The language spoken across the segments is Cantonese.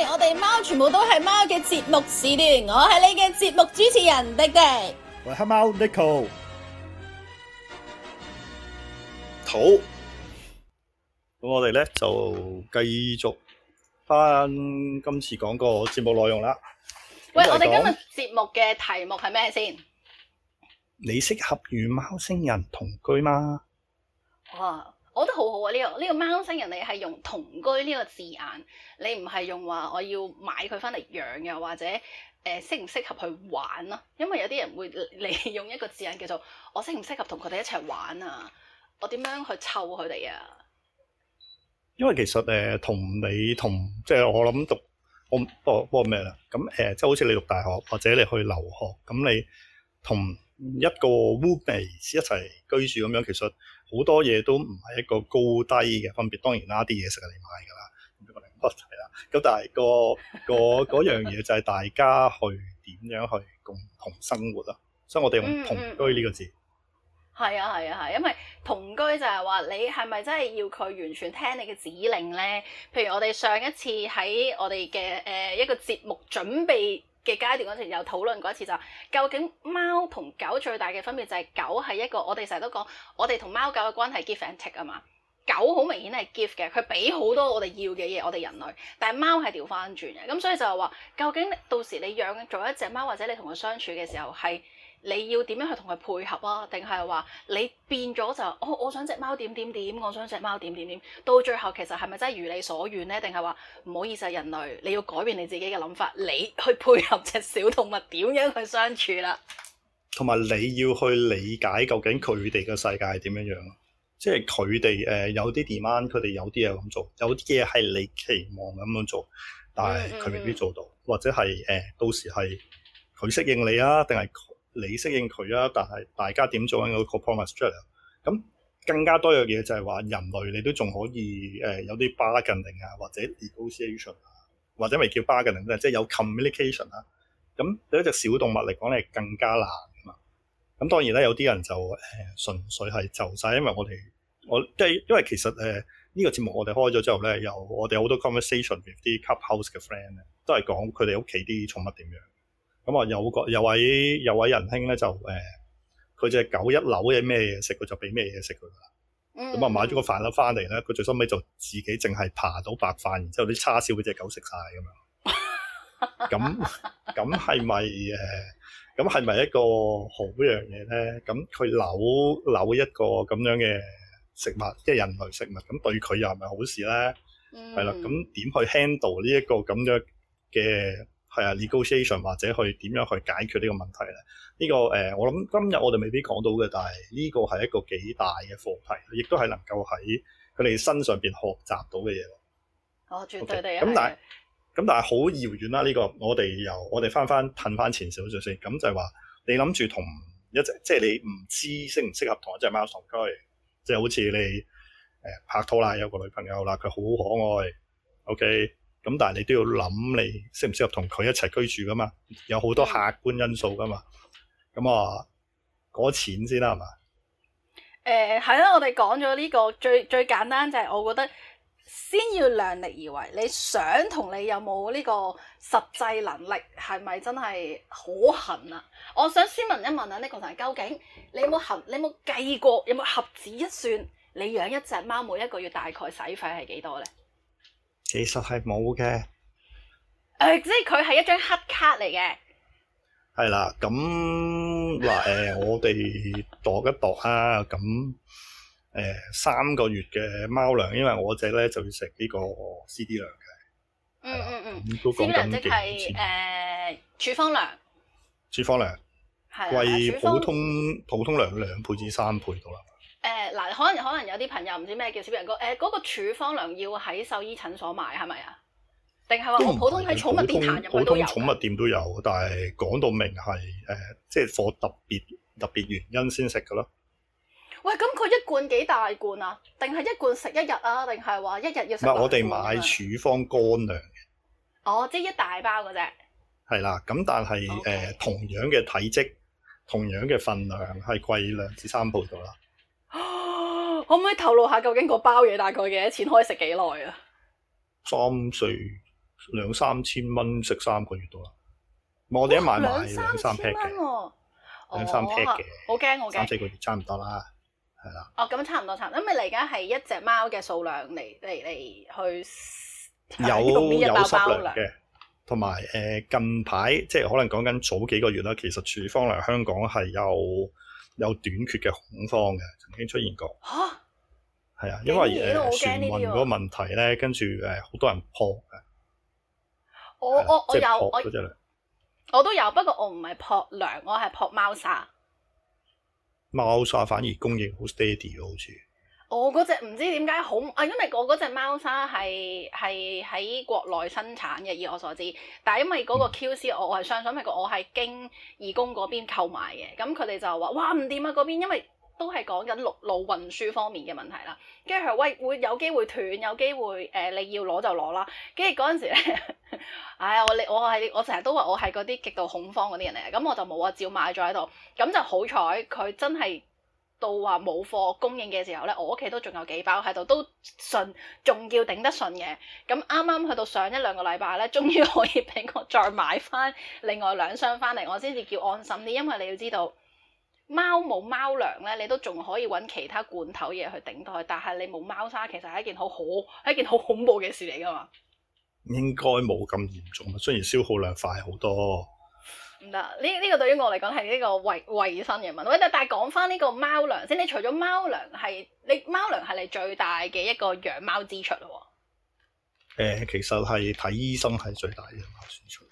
我哋貓全部都係貓嘅節目時段，我係你嘅節目主持人迪迪。喂，Hello，Neko，好。咁我哋咧就繼續返今次講個節目內容啦。喂，我哋今日節目嘅題目係咩先？你適合與貓星人同居嗎？哇！我覺得好好啊！呢個呢個貓星人，你係用同居呢個字眼，你唔係用話我要買佢翻嚟養嘅，或者誒、呃、適唔適合去玩啊。因為有啲人會利用一個字眼叫做我適唔適合同佢哋一齊玩啊？我點樣去湊佢哋啊？因為其實誒同、呃、你同即係我諗讀我我咩啦？咁誒即係好似你讀大學或者你去留學，咁你同一個屋企一齊居住咁樣，其實。好多嘢都唔係一個高低嘅分別，當然啦，啲嘢食係你買㗎啦，咁、嗰個嗰個、樣嚟講係啦。咁但係個個樣嘢就係大家去點樣去共同生活啦，所以我哋用同居呢個字。係、嗯嗯、啊，係啊，係、啊，因為同居就係話你係咪真係要佢完全聽你嘅指令呢？譬如我哋上一次喺我哋嘅誒一個節目準備。嘅階段嗰陣時，有討論嗰一次就究竟貓同狗最大嘅分別就係、是、狗係一個我哋成日都講，我哋同貓狗嘅關係 give and take 啊嘛，狗好明顯係 give 嘅，佢俾好多我哋要嘅嘢，我哋人類，但係貓係調翻轉嘅，咁所以就係話究竟到時你養做一隻貓或者你同佢相處嘅時候係。你要點樣去同佢配合啊？定係話你變咗就我我想隻貓點點點，我想隻貓點點點。到最後其實係咪真係如你所願呢？定係話唔好意思，人類你要改變你自己嘅諗法，你去配合隻小動物點樣去相處啦、啊？同埋你要去理解究竟佢哋嘅世界係點樣樣，即係佢哋誒有啲 demand，佢哋有啲嘢咁做，有啲嘢係你期望咁樣做，但係佢未必做到，或者係誒、呃、到時係佢適應你啊，定係？你適應佢啊，但係大家點做緊嗰個 compromise 出嚟。咁更加多樣嘢就係話人類你都仲可以誒有啲 bargaining 啊，或者 negotiation 啊，或者咪叫 bargaining，即係有 communication 啦。咁對一隻小動物嚟講咧，你更加難啊嘛。咁當然咧，有啲人就誒純粹係就晒，因為我哋我即係因為其實誒呢個節目我哋開咗之後咧，有我哋好多 conversation with 啲 cup house 嘅 friend 咧，都係講佢哋屋企啲寵物點樣。咁啊，有個有位有位仁兄咧，就誒，佢、呃、隻狗一扭嘅咩嘢食，佢就俾咩嘢食佢啦。咁啊、嗯，買咗個飯盒翻嚟咧，佢最收尾就自己淨係爬到白飯，然之後啲叉燒俾隻狗食晒。咁樣。 咁咁係咪誒？咁係咪一個好樣嘢咧？咁佢扭扭一個咁樣嘅食物，即係人類食物，咁對佢又係咪好事咧？係、嗯、啦，咁點去 handle 呢一個咁樣嘅？係啊，negotiation 或者去點樣去解決呢個問題咧？呢、這個誒、呃，我諗今日我哋未必講到嘅，但係呢個係一個幾大嘅課題，亦都係能夠喺佢哋身上邊學習到嘅嘢咯。哦，絕對嘅。咁、okay，但係，咁但係好遙遠啦。呢、這個我哋由我哋翻翻褪翻前少少先，咁就係、是、話你諗住同一隻，即係你唔知適唔適合同一隻貓同居，即係好似你誒、呃、拍拖啦，有個女朋友啦，佢好，好可愛。OK。咁但係你都要諗，你適唔適合同佢一齊居住噶嘛？有好多客觀因素噶嘛。咁、嗯、啊，講、那個、錢先啦，係嘛、欸？誒，係啦，我哋講咗呢個最最簡單就係，我覺得先要量力而為。你想同你有冇呢個實際能力，係咪真係可行啊？我想先問一問啊，呢個朋友究竟你有冇行？你有冇計過？有冇合指一算？你養一隻貓每一個月大概使費係幾多咧？其實係冇嘅。誒、呃，即係佢係一張黑卡嚟嘅。係啦，咁嗱，誒、呃，我哋度一度啊，咁誒、 呃、三個月嘅貓糧，因為我隻咧就要食呢個 CD 糧嘅。嗯嗯嗯，嗯都講緊、嗯嗯、即係誒處方糧。處方糧係，貴普通、啊、糧普通糧兩倍至三倍到啦。誒，嗱、呃，可能可能有啲朋友唔知咩叫小人哥，誒、呃，嗰、嗰個處方糧要喺獸醫診所買係咪啊？定係話我普通喺寵物店行入去都有？寵通物店都有，但係講到明係誒、呃，即係貨特別特別原因先食噶咯。喂，咁佢一罐幾大罐啊？定係一罐食一日啊？定係話一日要食？我哋買處方乾糧嘅。哦，即係一大包嘅啫。係啦，咁但係誒 Okay.，同樣嘅體積，同樣嘅份量，係貴兩至三倍度啦。可唔可以透露下，究竟個包嘢大概幾多錢？可以食幾耐啊？三歲兩三千蚊食三個月到啦。哇我哋一買埋兩三 pack 兩、哦、三 pack 嘅，好驚我驚。三四個月差唔多啦，係啦。哦，咁的、哦、差唔多差唔多，因為嚟緊係一隻貓嘅數量嚟嚟嚟去，去有有量嘅，同埋誒近排即係可能講緊早幾個月啦，其實處方糧香港係有有，有短缺嘅恐慌嘅。已經出現過。吓、啊，係啊，因為而誒，轉運嗰個問題咧，跟住誒，好多人撲嘅。我的我我有我，我都有，不過我唔係撲糧，我係撲貓砂。貓砂反而供應好 steady、哦、好似。我嗰隻唔知點解好啊，因為我嗰隻貓砂係係喺國內生產嘅，以我所知。但係因為嗰個 Q C、嗯、我係相信，咪、嗰個，我係經義工嗰邊購買嘅。咁佢哋就話：哇，唔掂啊！嗰邊，因為。都係講緊陸路運輸方面嘅問題啦，跟住佢喂會有機會斷，有機會誒、呃、你要攞就攞啦。跟住嗰陣時咧，唉、哎、我你我係我成日都話我係嗰啲極度恐慌嗰啲人嚟嘅，咁我就冇啊，照買咗喺度。咁就好彩，佢真係到話冇貨供應嘅時候咧，我屋企都仲有幾包喺度，都順，仲叫頂得順嘅。咁啱啱去到上一兩個禮拜咧，終於可以俾我再買翻另外兩箱翻嚟，我先至叫安心啲，因為你要知道。貓冇貓糧咧，你都仲可以揾其他罐頭嘢去頂代，但係你冇貓砂，其實係一件好可，係一件好恐怖嘅事嚟噶嘛。應該冇咁嚴重，雖然消耗量快好多。唔得，呢、這、呢個對於我嚟講係呢個衛衛生嘅問題。喂，但係講翻呢個貓糧先，你除咗貓糧係，你貓糧係你最大嘅一個養貓支出咯。誒、呃，其實係睇醫生係最大嘅貓支出。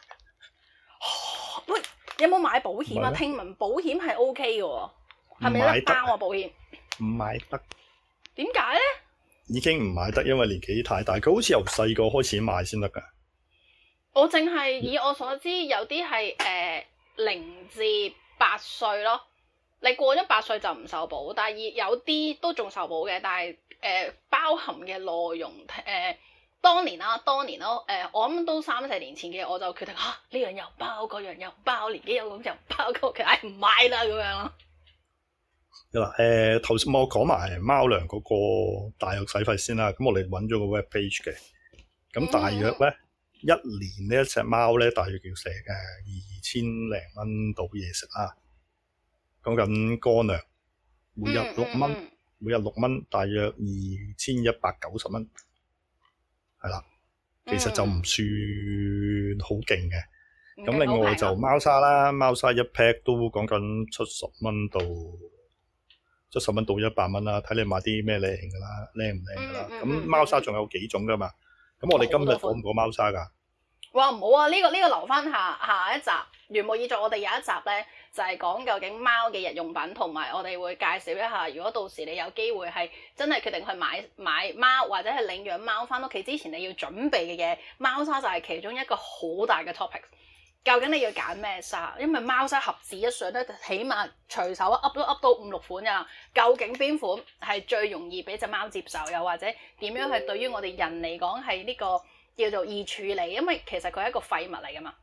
有冇買保險啊？聽聞保險係 O K 嘅喎，係咪有得包啊保險？唔買得。點解、啊、呢？已經唔買得，因為年紀太大。佢好似由細個開始買先得噶。我淨係以我所知，有啲係誒零至八歲咯，你過咗八歲就唔受保，但係有啲都仲受保嘅，但係誒、呃、包含嘅內容誒。呃當年啦，當年咯，誒、呃，我諗都三四年前嘅，我就決定吓呢樣又包，嗰樣又包，年紀又咁就包，其唉，唔買啦咁樣咯。嗱、嗯，誒，頭先我講埋貓糧嗰個大約使費先啦，咁我哋揾咗個 web page 嘅，咁大約咧，一年呢一隻貓咧，大約叫成誒二千零蚊到嘢食啊。講緊乾糧，每日六蚊，每日六蚊，大約二千一百九十蚊。嗯、其實就唔算好勁嘅。咁行另外就貓砂啦，貓砂一 p 都講緊七十蚊到七十蚊到一百蚊啦，睇你買啲咩型噶啦，靚唔靚噶啦。咁貓砂仲有幾種噶嘛？咁、嗯、我哋今日講唔講貓砂噶？哇唔好啊！呢、這個呢、這個留翻下下一集《原木耳座》。我哋有一集呢，就係、是、講究竟貓嘅日用品，同埋我哋會介紹一下。如果到時你有機會係真係決定去買買貓，或者係領養貓翻屋企之前，你要準備嘅嘢，貓砂就係其中一個好大嘅 topic。究竟你要揀咩砂？因為貓砂盒子一上呢，起碼隨手噏、啊、都噏到五六款呀、啊。究竟邊款係最容易俾隻貓接受？又或者點樣係對於我哋人嚟講係呢個？叫做易處理，因為其實佢係一個廢物嚟噶嘛。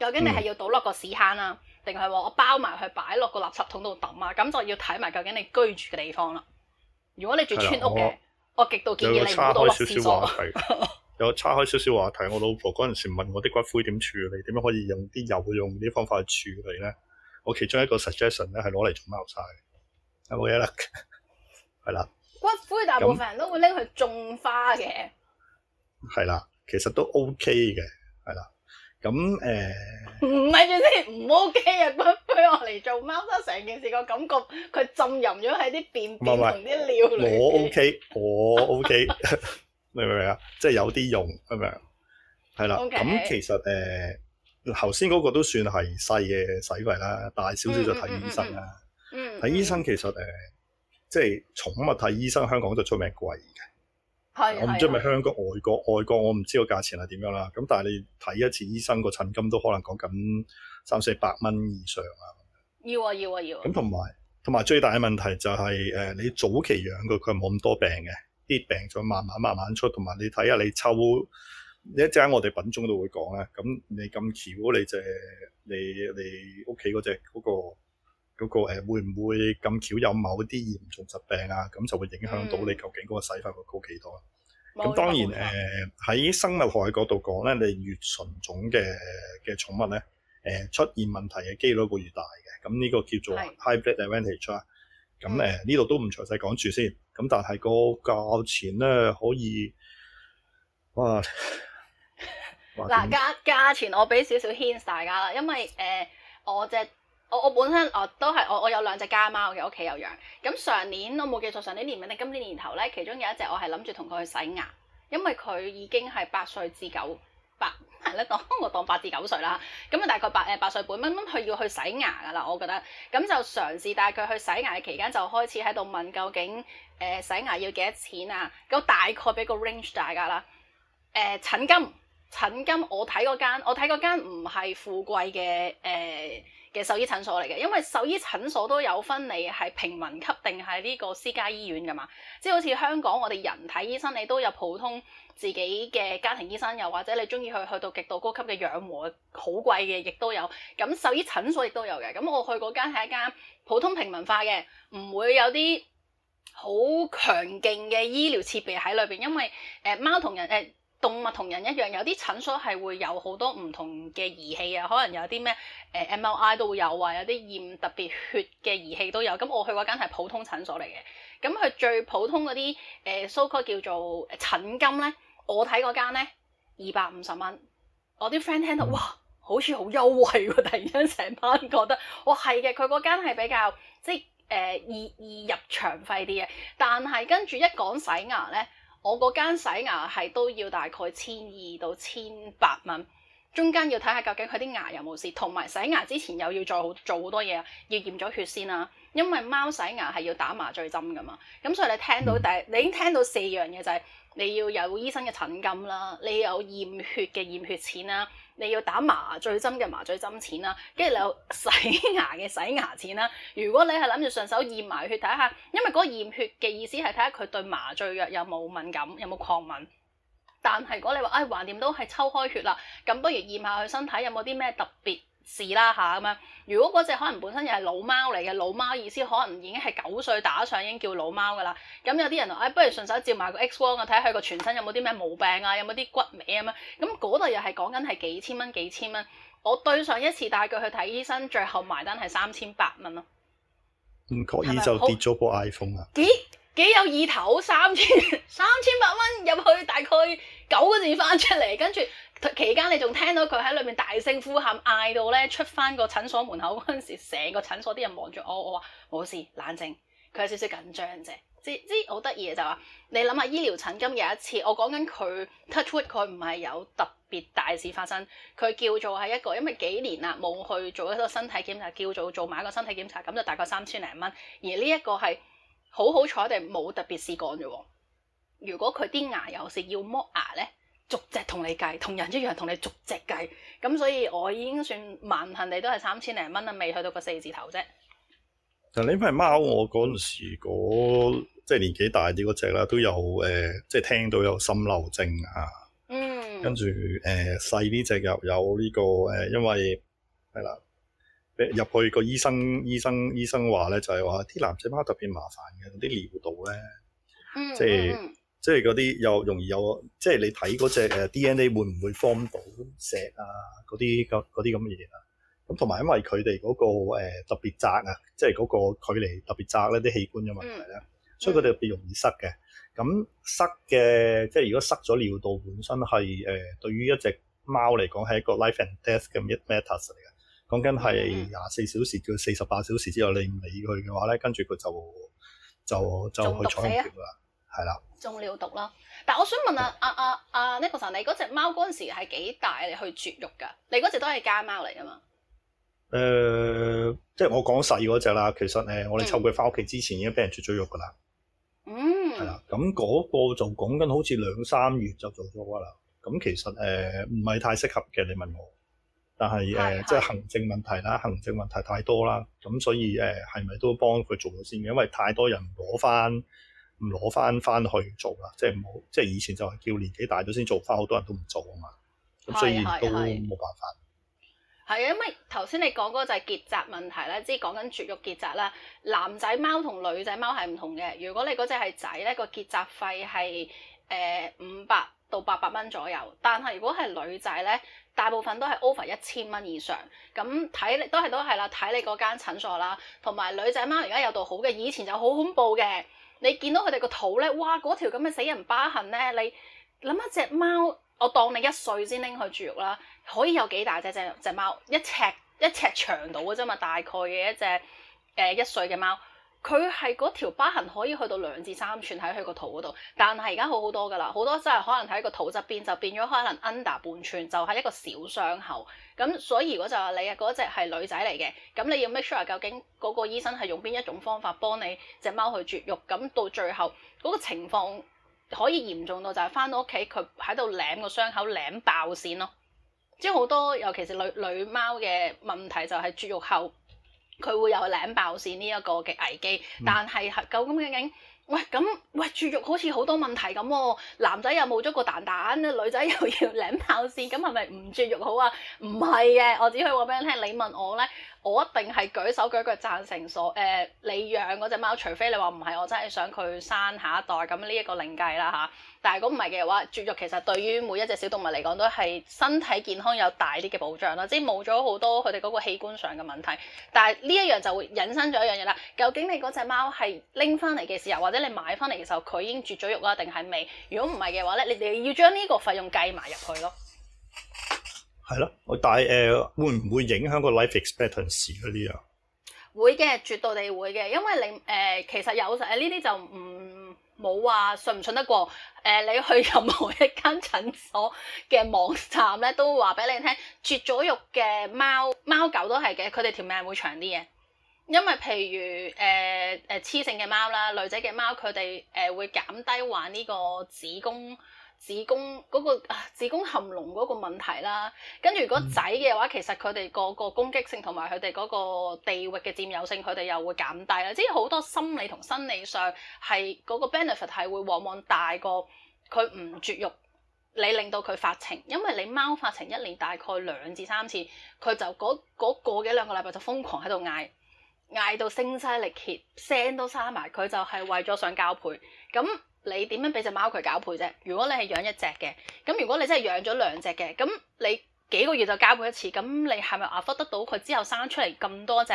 究竟你係要倒落個屎坑啊，定係話我包埋佢擺落個垃圾桶度抌啊？咁就要睇埋究竟你居住嘅地方啦。如果你住村屋嘅、嗯，我極度建議你唔好倒落廁所。有叉開少少話題。 有叉開少少話題。我老婆嗰陣時問我啲骨灰點處理，點樣可以用啲油、用啲方法去處理咧？我其中一個 suggestion 咧係攞嚟做貓砂。有冇嘢啦？係啦。骨灰大部分人都會拎去種花嘅。係啦，其實都 OK 嘅，係啦，咁誒，唔係住先，唔 OK 啊！骨灰我嚟做貓，得成件事個感覺，佢浸淫咗喺啲便便同啲尿。我 OK，我 OK， 明唔明啊？即係有啲用，咁樣？係啦，咁 Okay. 其實誒，頭先嗰個都算係細嘅使費啦，大少少就睇醫生啦。嗯，睇醫生其實誒、呃，即係寵物睇醫生，香港就出名貴嘅。我唔知係咪香港外國、外國，我唔知個價錢係點樣啦。咁但係你睇一次醫生，個診金都可能講緊三四百蚊以上啊。要啊，要啊，要啊。咁同埋同埋最大嘅問題就係、是、誒，你早期養過佢，佢冇咁多病嘅，啲病再慢慢慢慢出，同埋你睇下你抽，你一陣間我哋品種都會講啦。咁你咁巧，你隻、就是、你你屋企嗰隻嗰個。嗰個誒會唔會咁巧有某啲嚴重疾病啊？咁就會影響到你究竟嗰個使費會高幾多？咁、嗯、當然誒喺、嗯嗯呃、生物學嘅角度講咧，你越純種嘅嘅寵物咧誒、呃、出現問題嘅機率會越，越大嘅。咁呢個叫做 hybrid advantage 是啊。咁誒呢度都唔詳細講住先。咁但係個價錢咧可以哇嗱、啊、價價錢我俾少少 hint 大家啦，因為誒、呃、我只我我本身都我都係我我有兩隻家貓嘅，屋企有養。咁上年我冇記錯，上年年尾定今年年頭咧，其中有一隻我係諗住同佢去洗牙，因為佢已經係八歲至九八，係咧當我當八至九歲啦。咁啊大概八誒、呃、八歲半蚊咁佢要去洗牙噶啦，我覺得。咁就嘗試帶佢去洗牙嘅期間，就開始喺度問究竟誒、呃、洗牙要幾多錢啊？咁大概俾個 range 大家啦。誒診金診金，診金我睇嗰間我睇嗰間唔係富貴嘅誒。呃嘅獸醫診所嚟嘅，因為獸醫診所都有分你係平民級定係呢個私家醫院㗎嘛，即係好似香港我哋人睇醫生，你都有普通自己嘅家庭醫生又或者你中意去去到極度高級嘅養和好貴嘅，亦都有。咁獸醫診所亦都有嘅。咁我去嗰間係一間普通平民化嘅，唔會有啲好強勁嘅醫療設備喺裏邊，因為誒貓同人誒。呃動物同人一樣，有啲診所係會有好多唔同嘅儀器啊，可能有啲咩誒、呃、MLI 都會有啊，有啲驗特別血嘅儀器都有。咁我去嗰間係普通診所嚟嘅，咁佢最普通嗰啲誒 so call 叫做診金咧，我睇嗰間咧二百五十蚊。我啲 friend 聽到哇，好似好優惠喎！突然間成班覺得哇，係嘅，佢嗰間係比較即係誒易易入場費啲嘅，但係跟住一講洗牙咧。我嗰間洗牙係都要大概千二到千八蚊，中間要睇下究竟佢啲牙有冇事，同埋洗牙之前又要再做好多嘢，要驗咗血先啦，因為貓洗牙係要打麻醉針噶嘛，咁所以你聽到第，你已經聽到四樣嘢就係你要有醫生嘅診金啦，你要有驗血嘅驗血錢啦。你要打麻醉針嘅麻醉針錢啦，跟住你有洗牙嘅洗牙錢啦。如果你係諗住順手驗埋血睇下，因為嗰個驗血嘅意思係睇下佢對麻醉藥有冇敏感，有冇抗敏。但係如果你話唉橫掂都係抽開血啦，咁不如驗下佢身體有冇啲咩特別。試啦嚇咁樣，如果嗰隻可能本身又係老貓嚟嘅，老貓意思可能已經係九歲打上，已經叫老貓噶啦。咁有啲人話，哎，不如順手照埋個 X 光啊，睇下佢個全身有冇啲咩毛病啊，有冇啲骨尾咁啊。咁嗰度又係講緊係幾千蚊，幾千蚊。我對上一次帶佢去睇醫生，最後埋單係三千八蚊咯。唔覺意就跌咗部 iPhone 啊！幾幾有意頭，三千三千八蚊入去，大概。九個字翻出嚟，跟住期間你仲聽到佢喺裏面大聲呼喊，嗌到咧出翻個診所門口嗰陣時，成個診所啲人望住我，我話冇事，冷靜。佢有少少緊張啫，即即好得意嘅就話，你諗下醫療診金有一次，我講緊佢 touch wood，佢唔係有特別大事發生。佢叫做係一個，因為幾年啦冇去做一個身體檢查，叫做做埋一個身體檢查，咁就大概三千零蚊。而呢一個係好好彩，定冇特別事幹啫喎。如果佢啲牙有事要剝牙咧，逐隻同你計，同人一樣同你逐隻計咁，所以我已經算萬幸，你都係三千零蚊啊，未去到個四字頭啫。嗱，呢批貓我嗰陣時嗰即係年紀大啲嗰隻啦，隻都有誒，即係聽到有心漏症啊，嗯，跟住誒細啲隻又有呢、呢個誒，因為係啦，入去個醫生醫生醫生話咧，就係話啲男仔貓特別麻煩嘅，啲尿道咧，即係。嗯嗯即係嗰啲又容易有，即係你睇嗰隻 DNA 會唔會放到石啊嗰啲啲咁嘅嘢啊？咁同埋因為佢哋嗰個、呃、特別窄啊，即係嗰個距離特別窄咧，啲器官嘅問題咧，嗯、所以佢哋特別容易塞嘅。咁、嗯、塞嘅即係如果塞咗尿道本身係誒、呃、對於一隻貓嚟講係一個 life and death 嘅一 matters 嚟嘅，講緊係廿四小時到四十八小時之後你唔理佢嘅話咧，跟住佢就就就，就去坐飛橋啦。係啦，中尿毒啦。但係我想問下啊、嗯、啊啊，啊 n i 你嗰隻貓嗰陣時係幾大？你去絕育噶？你嗰隻都係家貓嚟噶嘛？誒、嗯，嗯、即係我講細嗰隻啦。其實咧，我哋湊佢翻屋企之前已經俾人絕咗育噶啦。嗯，係啦。咁嗰個就講緊好似兩三月就做咗啦。咁其實誒唔係太適合嘅。你問我，但係誒的、呃、即係行政問題啦，行政問題太多啦。咁所以誒係咪都幫佢做咗先？因為太多人攞翻唔攞翻翻去做啦，即係唔好，即係以前就係叫年紀大咗先做，翻好多人都唔做啊嘛。咁所以是是是都冇辦法係啊，因為頭先你講嗰個就係結紮問題咧，即係講緊絕育結紮啦。男仔貓同女仔貓係唔同嘅。如果你嗰隻係仔咧，個結紮費係誒五百到八百蚊左右，但係如果係女仔咧，大部分都係 over 一千蚊以上。咁睇你都係都係啦，睇你嗰間診所啦，同埋女仔貓而家有度好嘅，以前就好恐怖嘅。你見到佢哋個肚咧，哇！嗰條咁嘅死人疤痕咧，你諗一隻貓，我當你一歲先拎去絕育啦，可以有幾大隻隻隻貓？一尺一尺長度嘅啫嘛，大概嘅一隻誒、呃、一歲嘅貓。佢係嗰條疤痕可以去到兩至三寸喺佢個肚嗰度，但係而家好好多噶啦，好多真係可能喺個肚側邊就變咗可能 under 半寸，就係一個小傷口。咁所以我就話你啊，嗰隻係女仔嚟嘅，咁你要 make sure 究竟嗰個醫生係用邊一種方法幫你隻貓去絕育，咁到最後嗰、那個情況可以嚴重到就係返到屋企佢喺度舐個傷口舐爆線咯。即係好多尤其是女女貓嘅問題就係絕育後。佢會有卵爆線呢一個嘅危機，但係究咁究竟，喂咁喂絕育好似好多問題咁喎、哦，男仔又冇咗個蛋蛋，女仔又要卵爆線，咁係咪唔絕育好啊？唔係嘅，我只可以話俾你聽，你問我咧。我一定係舉手舉腳贊成所誒、呃、你養嗰隻貓，除非你話唔係，我真係想佢生下一代咁呢一個另計啦嚇。但係如果唔係嘅話，絕育其實對於每一隻小動物嚟講都係身體健康有大啲嘅保障啦，即係冇咗好多佢哋嗰個器官上嘅問題。但係呢一樣就會引申咗一樣嘢啦。究竟你嗰隻貓係拎翻嚟嘅時候，或者你買翻嚟嘅時候，佢已經絕咗育啊定係未？如果唔係嘅話咧，你哋要將呢個費用計埋入去咯。係咯，但係誒、呃、會唔會影響個 life expectancy 咧？呢樣會嘅，絕對地會嘅，因為你誒、呃、其實有時呢啲就唔冇話信唔信得過。誒、呃，你去任何一間診所嘅網站咧，都話俾你聽，絕咗育嘅貓、貓狗都係嘅，佢哋條命會長啲嘅。因為譬如誒誒雌性嘅貓啦、女仔嘅貓，佢哋誒會減低患呢個子宮。子宮嗰、嗰個啊、子宮含膿嗰個問題啦，跟住如果仔嘅話，其實佢哋個個攻擊性同埋佢哋嗰個地域嘅佔有性，佢哋又會減低啦。即係好多心理同生理上係嗰、嗰個 benefit 係會往往大過佢唔絕育，你令到佢發情。因為你貓發情一年大概兩至三次，佢就嗰嗰、嗰個幾兩個禮拜就瘋狂喺度嗌，嗌到聲嘶力竭，聲都沙埋，佢就係為咗想交配咁。你點樣俾隻貓佢交配啫？如果你係養一隻嘅，咁如果你真係養咗兩隻嘅，咁你幾個月就交配一次，咁你係咪阿福得到佢之後生出嚟咁多隻？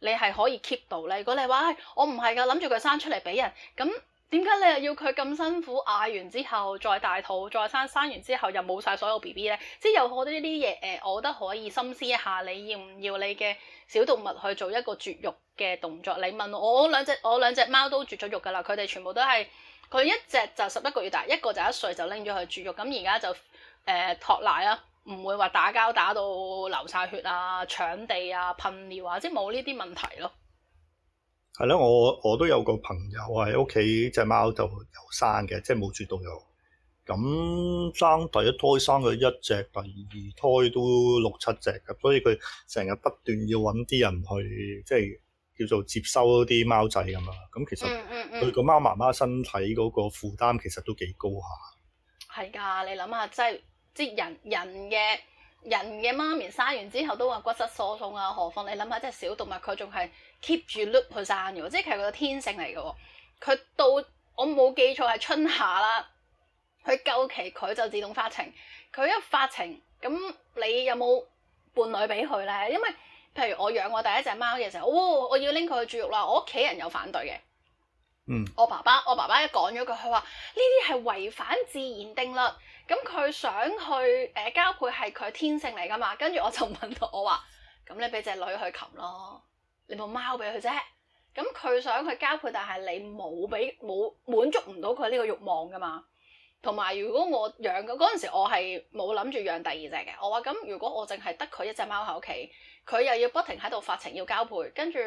你係可以 keep 到咧？如果你話、哎、我唔係噶，諗住佢生出嚟俾人，咁點解你又要佢咁辛苦嗌完之後再大肚再生，生完之後又冇晒所有 BB 咧？即係有我覺得呢啲嘢誒，我覺得可以深思一下，你要唔要你嘅小動物去做一個絕育嘅動作？你問我，我兩隻我兩隻貓都絕咗育噶啦，佢哋全部都係。佢一隻就十一個月大，一個就一歲就拎咗去絕育，咁而家就誒託奶啦，唔會話打交打到流晒血啊，搶地啊，噴尿啊，即係冇呢啲問題咯。係咯，我我都有個朋友喺屋企，隻貓就有生嘅，即係冇絕到有。咁生第一胎生佢一隻，第二胎都六七隻嘅，所以佢成日不斷要揾啲人去即係，叫做接收啲貓仔咁嘛。咁其實對個貓媽媽身體嗰個負擔其實都幾高下。係㗎，你諗下，即係即係人人嘅人嘅媽咪生完之後都話骨質疏鬆啊，何況你諗下，即係小動物佢仲係 keep 住 look 去生嘅喎，即係佢個天性嚟嘅喎。佢到我冇記錯係春夏啦，佢夠期佢就自動發情，佢一發情咁，你有冇伴侶俾佢咧？因為譬如我養我第一隻貓嘅時候，哦，我要拎佢去絕育啦，我屋企人有反對嘅，嗯，我爸爸，我爸爸一講咗句，佢話呢啲係違反自然定律，咁佢想去誒、呃、交配係佢天性嚟噶嘛，跟住我就問到我，我話咁你俾隻女去擒咯，你冇貓俾佢啫，咁佢想去交配，但係你冇俾冇滿足唔到佢呢個慾望噶嘛，同埋如果我養嗰嗰陣時我，我係冇諗住養第二隻嘅，我話咁如果我淨係得佢一隻貓喺屋企。佢又要不停喺度發情要交配，跟住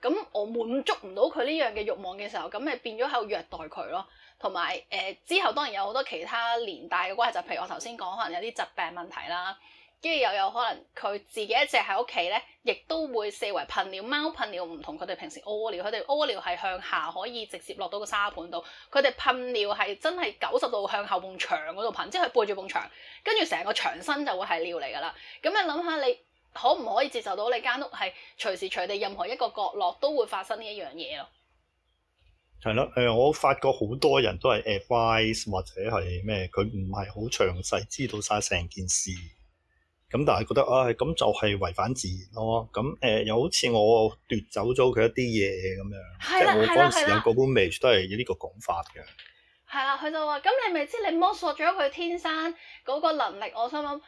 咁我滿足唔到佢呢樣嘅欲望嘅時候，咁咪變咗喺度虐待佢咯。同埋誒，之後當然有好多其他連帶嘅關係，就譬如我頭先講，可能有啲疾病問題啦，跟住又有可能佢自己一隻喺屋企咧，亦都會四圍噴尿。貓噴尿唔同佢哋平時屙尿，佢哋屙尿係向下可以直接落到個沙盤度，佢哋噴尿係真係九十度向後埲牆嗰度噴，即係佢背住埲牆，跟住成個牆身就會係尿嚟噶啦。咁你諗下你，可唔可以接受到你間屋係隨時隨地任何一個角落都會發生呢一樣嘢咯？係咯，誒、呃，我發覺好多人都係 advice 或者係咩，佢唔係好詳細知道晒成件事，咁但係覺得啊，咁就係違反自然咯。咁、啊、誒、呃，又好似我奪走咗佢一啲嘢咁樣，的即係我嗰陣時有嗰本 message 都係呢個講法嘅。係啦，佢就話：，咁你咪知你摸索咗佢天生嗰個能力，我心諗。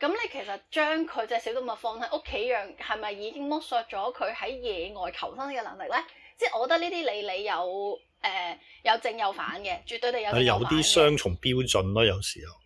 咁你其實將佢隻小動物放喺屋企養，係咪已經剝削咗佢喺野外求生嘅能力咧？即係我覺得呢啲你你有誒、呃、有正有反嘅，絕對地有有啲雙重標準咯、啊。有時候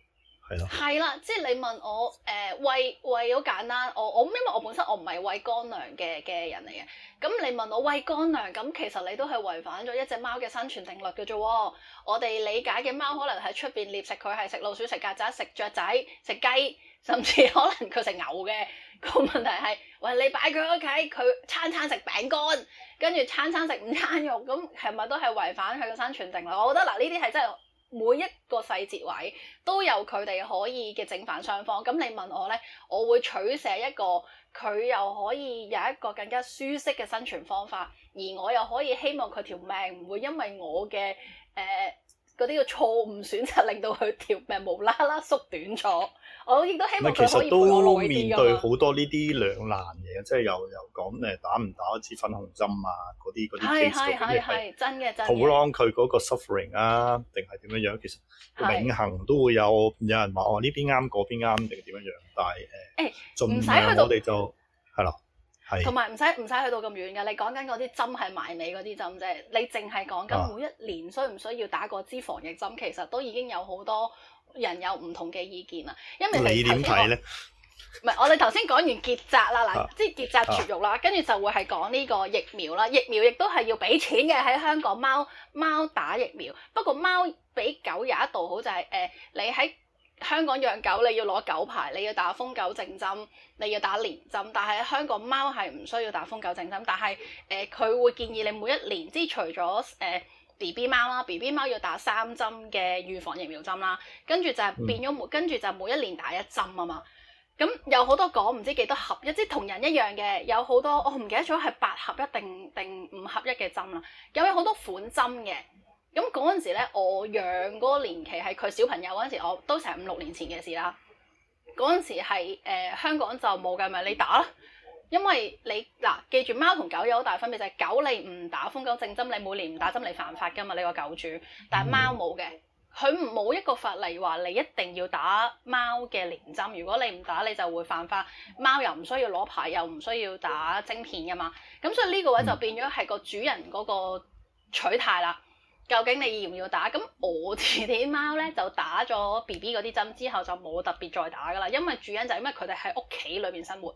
係咯，係啦，即係你問我誒、呃、喂，餵好簡單，我我因為我本身我唔係餵乾糧嘅嘅人嚟嘅，咁你問我餵乾糧，咁其實你都係違反咗一隻貓嘅生存定律嘅啫。我哋理解嘅貓可能喺出邊獵食，佢係食老鼠、食曱甴、食雀仔、食雞。甚至可能佢食牛嘅，個問題係，喂，你擺佢屋企，佢餐餐食餅乾，跟住餐餐食午餐肉，咁係咪都係違反佢嘅生存定律？我覺得嗱，呢啲係真係每一個細節位都有佢哋可以嘅正反雙方。咁你問我呢，我會取捨一個佢又可以有一個更加舒適嘅生存方法，而我又可以希望佢條命唔會因為我嘅誒、呃嗰啲嘅錯誤選擇令到佢條命無啦啦縮短咗，我亦都希望佢可以陪我耐啲，其實都面對好多呢啲兩難嘢，即係又又講誒打唔打，打一針粉紅針啊，嗰啲嗰啲基礎，你係 prolong 佢嗰個 suffering 啊，定係點樣樣？其實永恆都會有有人話哦呢邊啱嗰邊啱定點樣樣，但係誒、欸、盡量我哋就係啦。同埋唔使唔使去到咁遠嘅，你講緊嗰啲針係埋尾嗰啲針啫，你淨係講緊每一年需唔需要打個預防疫針，其實都已經有好多人有唔同嘅意見啦。因為你點睇咧？唔係，我哋頭先講完結紮啦，嗱， 即係結紮絕育啦，跟住就會係講呢個疫苗啦。疫苗亦都係要俾錢嘅。喺香港，貓貓打疫苗，不過貓比狗有一度好就係、是、誒、呃，你喺。香港養狗你要攞狗牌，你要打瘋狗症針，你要打年針。但係香港貓係唔需要打瘋狗症針，但係誒佢會建議你每一年，即係除咗誒 BB 貓啦，BB 貓要打三針嘅預防疫苗針啦，跟住就係變咗每，嗯、跟住就每一年打一針啊嘛。咁、嗯、有好多講唔知幾多合一，即係同人一樣嘅，有好多我唔記得咗係八合一定定五合一嘅針啦，有好多款針嘅。咁嗰陣時咧，我養嗰年期係佢小朋友嗰陣時，我都成五六年前嘅事啦。嗰陣時係、呃、香港就冇㗎，咪你打咯，因為你嗱、啊、記住貓同狗有好大分別就係、是、狗你唔打瘋狗症針，你每年唔打針你犯法㗎嘛。呢個狗主，但係貓冇嘅，佢冇一個法例話你一定要打貓嘅年針。如果你唔打，你就會犯法。貓又唔需要攞牌，又唔需要打晶片㗎嘛。咁所以呢個位就變咗係個主人嗰個取態啦。究竟你要唔要打？咁我自己啲貓咧就打咗 B B 嗰啲針之後就冇特別再打噶啦，因為主人就係、因為佢哋喺屋企裏面生活，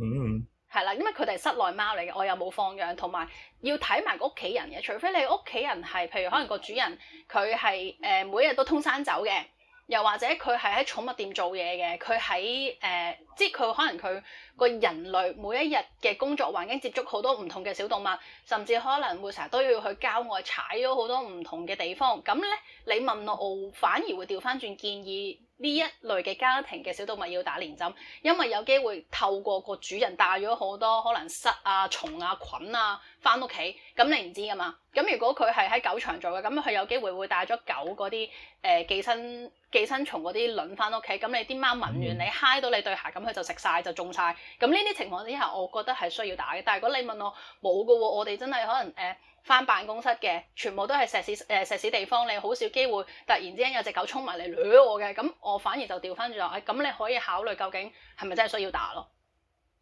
嗯，嗯，係啦，因為佢哋係室內貓嚟嘅，我又冇放養，同埋要睇埋個屋企人嘅，除非你屋企人係，譬如可能個主人佢係誒每日都通山走嘅。又或者佢係喺寵物店做嘢嘅，佢喺誒，即係佢可能佢個人類每一日嘅工作環境接觸好多唔同嘅小動物，甚至可能會成日都要去郊外踩咗好多唔同嘅地方。咁咧，你問我，反而會掉返轉建議。呢一類嘅家庭嘅小動物要打年針，因為有機會透過個主人帶咗好多可能虱啊、蟲啊、菌啊翻屋企，咁你唔知噶嘛。咁如果佢係喺狗場做嘅，咁佢有機會會帶咗狗嗰啲誒寄生寄生蟲嗰啲卵翻屋企。咁你啲貓聞完你，嗯、你揩到你對鞋，咁佢就食晒，就中晒。咁呢啲情況之下，我覺得係需要打嘅。但係如果你問我冇㗎喎，我哋真係可能誒。呃翻辦公室嘅，全部都係石屎誒石屎地方，你好少機會突然之間有隻狗衝埋嚟掠我嘅。咁我反而就掉翻轉話，咁、哎、你可以考慮究竟係咪真係需要打咯？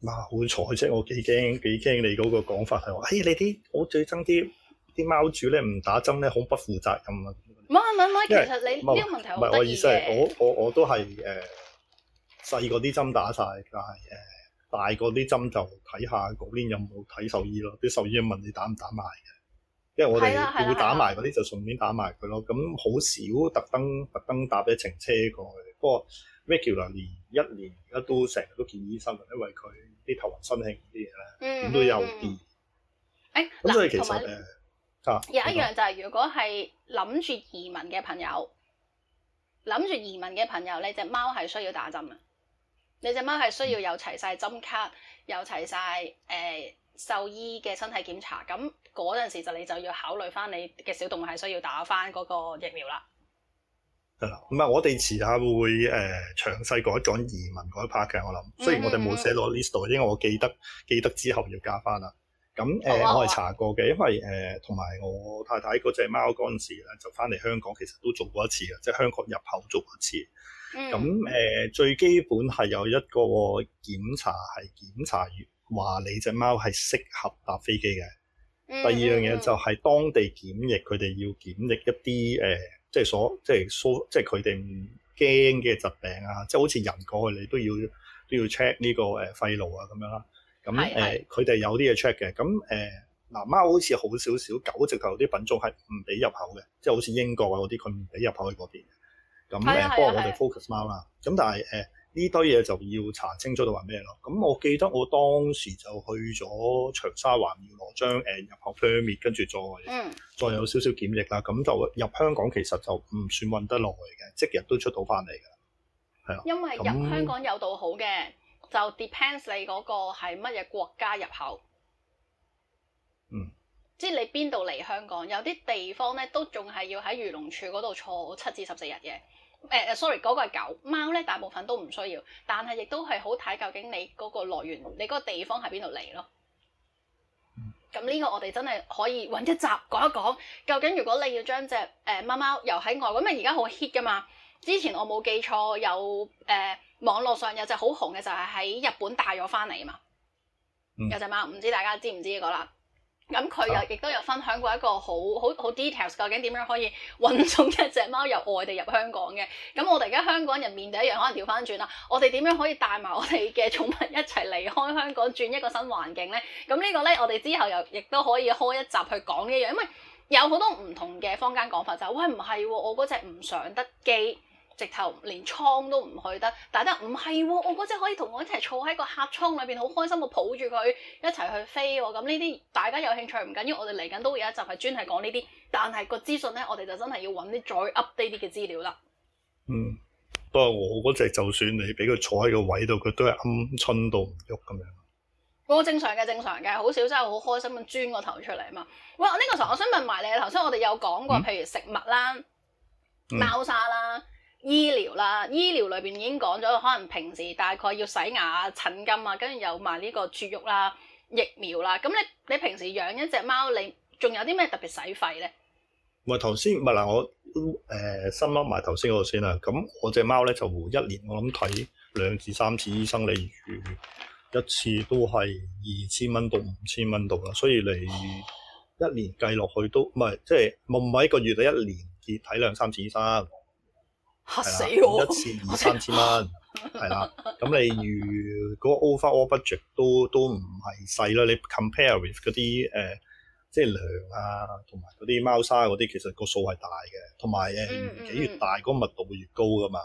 嗱，好彩啫，我幾驚幾驚你嗰個講法係話，哎、欸、你啲我最憎啲啲貓主咧唔打針咧，好不負責任啊！唔係唔係唔係，其實你呢個問題唔係我意思係我我我都係誒細個啲針打晒，但係誒、呃、大個啲針就睇下嗰邊有冇睇獸醫咯。啲獸醫問你打唔打埋嘅。因為我哋會打埋嗰啲，就順便打埋佢咯。咁好少特登特登搭一程車過去。不過 Michael 啊，連一年而家都成日都見醫生，因為佢啲頭暈身興啲嘢咧，咁、嗯、哼都有啲。誒、嗯哼，嗱，同埋嚇有一樣就係、是，如果係諗住移民嘅朋友，諗住移民嘅朋友，你隻貓係需要打針嘅。你隻貓係需要有齊晒針卡，有齊晒誒獸醫嘅身體檢查咁。嗰陣時就你就要考慮翻你嘅小動物係需要打翻嗰個疫苗啦。係啦，咁我哋遲下會誒、呃、詳細講一講移民嗰一 part 嘅。我諗雖然我哋冇寫落 list 因為我記得記得之後要加翻啦。咁、嗯、誒、呃，我係查過嘅，因為誒同埋我太太嗰隻貓嗰陣時咧，就翻嚟香港，其實都做過一次嘅，即係香港入口做過一次。咁誒、嗯呃、最基本係有一個檢查，係檢查完話你隻貓係適合搭飛機嘅。第二樣嘢就係當地檢疫，佢哋要檢疫一啲誒、呃，即係所即係疏，即係佢哋唔驚嘅疾病啊，即係好似人過去你都要都要 check 呢、這個誒、呃、肺癆啊咁樣啦。咁誒佢哋有啲嘢 check 嘅。咁誒嗱貓好似好少少，狗直頭啲品種係唔俾入口嘅，即係好似英國啊嗰啲佢唔俾入口去嗰邊。咁誒、呃、是幫我哋 focus 貓啦。咁但係誒。呃呢堆嘢就要查清楚到話咩咯？咁我記得我當時就去咗長沙環要羅張攞張誒、呃、入口 permit，跟住再再有少少檢疫啦。咁就入香港其實就唔算運得耐嘅，即日都出到翻嚟㗎。係啊，因為入香港有到好嘅，嗯、就 depends 你嗰個係乜嘢國家入口。嗯，即係你邊度嚟香港？有啲地方咧都仲係要喺漁農署嗰度坐七至十四日嘅。誒、欸、sorry，嗰個係狗貓咧，大部分都唔需要，但係亦都係好睇究竟你嗰個來源，你嗰個地方喺邊度嚟咯。咁呢、嗯、個我哋真係可以揾一集講一講，究竟如果你要將隻誒貓貓由喺外，咁咪而家好 hit 噶嘛？之前我冇記錯，有誒、呃、網絡上有隻好紅嘅就係喺日本帶咗翻嚟啊嘛，嗯、有隻貓，唔知大家知唔知呢個啦？咁佢又亦都有分享過一個好好好 details，究竟點樣可以運送一隻貓由外地入香港嘅？咁我哋而家香港人面對一樣可能調返轉啦，我哋點樣可以帶埋我哋嘅寵物一齊離開香港，轉一個新環境呢？咁呢個呢，我哋之後又亦都可以開一集去講呢一樣，因為有好多唔同嘅坊間講法就係：喂，唔係喎，我嗰隻唔上得機。直頭連倉都唔去得，但係唔係喎？我嗰隻可以同我一齊坐喺個客艙裏邊，好開心嘅抱住佢一齊去飛喎。咁呢啲大家有興趣唔緊要，我哋嚟緊都會有一集係專係講呢啲。但係個資訊咧，我哋就真係要揾啲再 update 啲嘅資料啦。嗯，不過我嗰隻就算你俾佢坐喺個位度，佢都係鵪鶉到唔喐咁樣。我正常嘅，正常嘅，好少真係好開心咁鑽個頭出嚟啊嘛。喂，呢個時候我想問埋你頭先，我哋有講過譬如食物啦、貓砂啦。醫療啦，醫療裏邊已經講咗，可能平時大概要洗牙啊、診金啊，跟住有埋呢個絕育啦、疫苗啦、啊。咁你你平時養一隻貓，你仲有啲咩特別使費咧？唔係頭先唔係嗱，我誒、呃、先諗埋頭先嗰個先啦。咁我隻貓咧就一年，我諗睇兩至三次醫生，你預一次都係二千蚊到五千蚊度啦。所以你一年計落去都唔係即係冇唔係一個月，你一年要睇兩三次醫生、啊。係啦，一千二三千蚊，係啦。咁 你如果 overall budget 都都唔係細啦。你 compare with 嗰啲誒，即係糧啊，同埋嗰啲貓砂嗰啲，其實個數係大嘅。同埋誒年紀越大，嗰、嗯嗯、密度會越高噶嘛。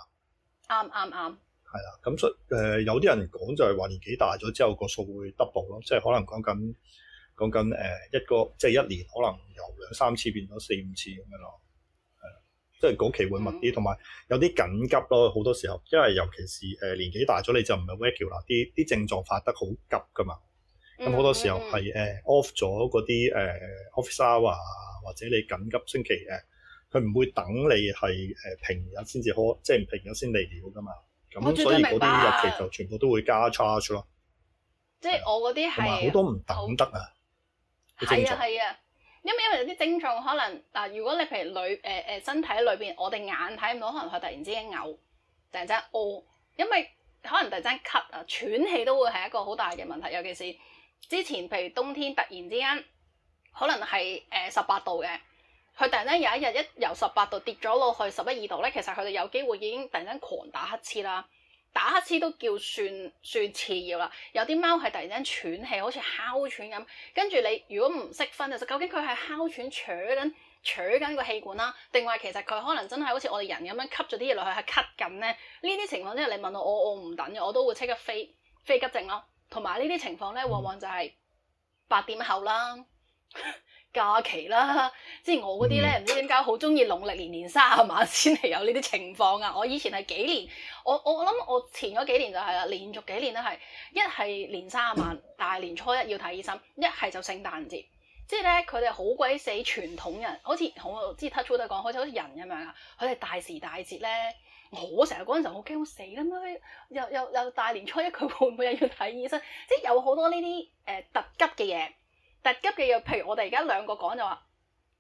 啱啱啱。係、嗯、啦，咁所以、呃、有啲人講就係話年紀大咗之後、個數會 double 咯、呃，即係可能講緊講緊誒一個即係一年可能由兩三次變咗四五次咁樣咯。即係講期會密啲，同埋有啲緊急咯。好多時候，因為尤其是誒年紀大咗，你就唔係 regular 啲啲症狀發得好急㗎嘛。咁好多時候係誒 off 咗嗰啲誒 office hour 或者你緊急星期誒，佢唔會等你係誒平日先至開，即係唔平日先嚟料㗎嘛。咁所以嗰啲日期就全部都會加 charge 咯。即係我嗰啲係好多唔等得、嗯、啊，嘅症狀。因為因為有啲症狀可能嗱，如果你譬如裏誒誒身體裏邊，我哋眼睇唔到，可能佢突然之間嘔，突然之間嘔，因為可能突然之間咳啊、喘氣都會係一個好大嘅問題。尤其是之前譬如冬天突然之間，可能係誒十八度嘅，佢突然間有一日一由十八度跌咗落去十一二度咧，其實佢哋有機會已經突然間狂打乞嗤啦。打乞嗤都叫算算次要啦，有啲貓係突然之間喘氣，好似哮喘咁，跟住你如果唔識分，其實究竟佢係哮喘扯緊扯緊個氣管啦，定話其實佢可能真係好似我哋人咁樣吸咗啲嘢落去係咳緊咧？呢啲情況之後你問我，我我唔等嘅，我都會即刻飛飛急症咯。同埋呢啲情況咧，往往就係八點後啦。 假期啦，即係我嗰啲咧，唔知點解好中意農曆年年卅晚先嚟有呢啲情況啊！我以前係幾年，我我諗我，我前嗰幾年就係啦，連續幾年都係一係年卅晚，大年初一要睇醫生；一係就聖誕節，即係咧佢哋好鬼死傳統人，好似同我之 touch wood 都講，好似好似人咁樣啊！佢哋大時大節咧，我成日嗰陣時候好驚，我死啦！咁又又又大年初一佢會唔會又要睇醫生？即係有好多呢啲誒特急嘅嘢。特急嘅嘢，譬如我哋而家兩個講就話，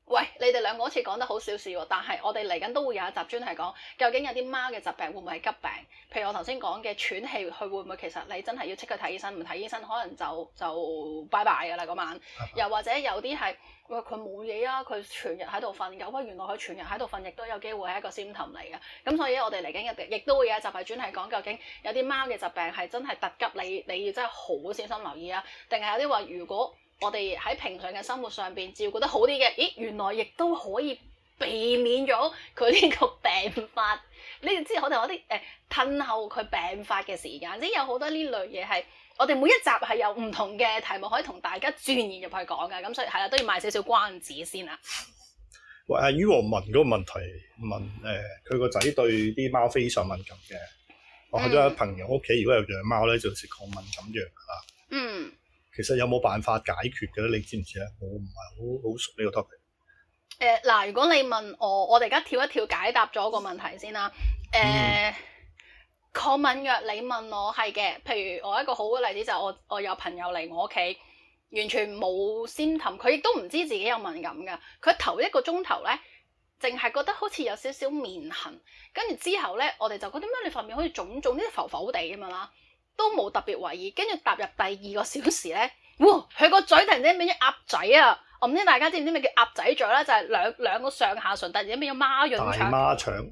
喂，你哋兩個好似講得好少事喎，但係我哋嚟緊都會有一集專係講，究竟有啲貓嘅疾病會唔會係急病？譬如我頭先講嘅喘氣，佢會唔會其實你真係要即刻睇醫生？唔睇醫生可能就就拜拜㗎喇嗰晚。 又或者有啲係，喂，佢冇嘢啊，佢全日喺度瞓嘅，哇原來佢全日喺度瞓，亦都有機會係一個 symptom 嚟嘅。咁所以我哋嚟緊一定亦都會有一集係專係講究竟有啲貓嘅疾病係真係特急，你你真要真係好小心留意啊。定係有啲話如果。我哋喺平常嘅生活上邊，照顧得好啲嘅，咦，原來亦都可以避免咗佢呢個病發。你哋知即係我哋有啲誒褪後佢病發嘅時間。即係有好多呢類嘢係我哋每一集係有唔同嘅題目可以同大家轉入入去講嘅，咁，所以係啦，都要賣少少關子先啦。喂，阿與黃文嗰個問題問誒，佢個仔對啲貓非常敏感嘅。我都有朋友屋企如果有養貓咧，就食、是、抗敏感藥啦。嗯。嗯。其實有冇辦法解決嘅咧？你知唔知咧？我唔係好好熟呢個 topic。誒嗱、呃，如果你問我，我哋而家跳一跳解答咗個問題先啦。誒、呃嗯、抗敏藥，你問我係嘅。譬如我一個好嘅例子就係我我有朋友嚟我屋企，完全冇先氹，佢亦都唔知自己有敏感㗎。佢頭一個鐘頭咧，淨係覺得好似有少少面痕，跟住之後咧，我哋就覺得咩？你塊面好似腫腫啲浮浮地咁樣啦。都冇特別懷疑，跟住踏入第二個小時咧，佢個嘴突然之間變咗鴨仔啊！我唔知大家知唔知咩叫鴨仔嘴咧，就係、是、兩兩個上下唇突然之間變咗孖潤腸。大孖腸！